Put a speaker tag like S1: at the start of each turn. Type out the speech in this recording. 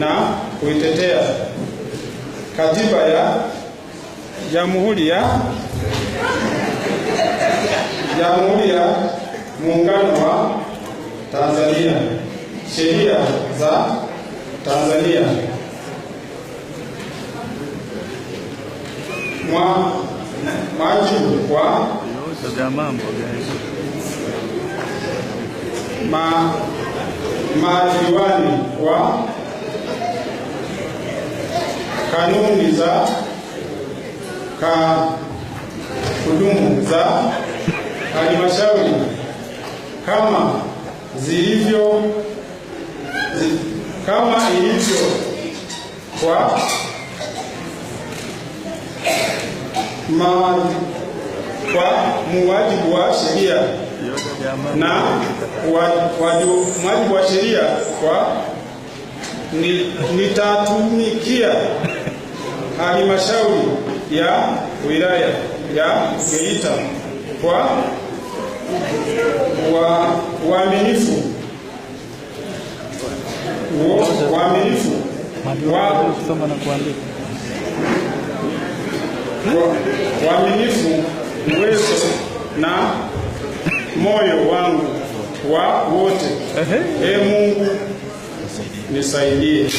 S1: na kuitetea katiba ya Jamhuri ya Jamhuri ya Muungano wa Tanzania, sheria za Tanzania, mwa majibu wa ma madiwani wa kanuni za ka kudumu za halmashauri kama zilivyo zi, kama ilivyo kwa ma, kwa muwajibu wa sheria na mwajibu wa sheria kwa nitatumikia halmashauri ya wilaya ya Geita kwa uaminifu uaminifu uaminifu uwezo na moyo wangu wa wote. Ee Mungu
S2: nisaidie.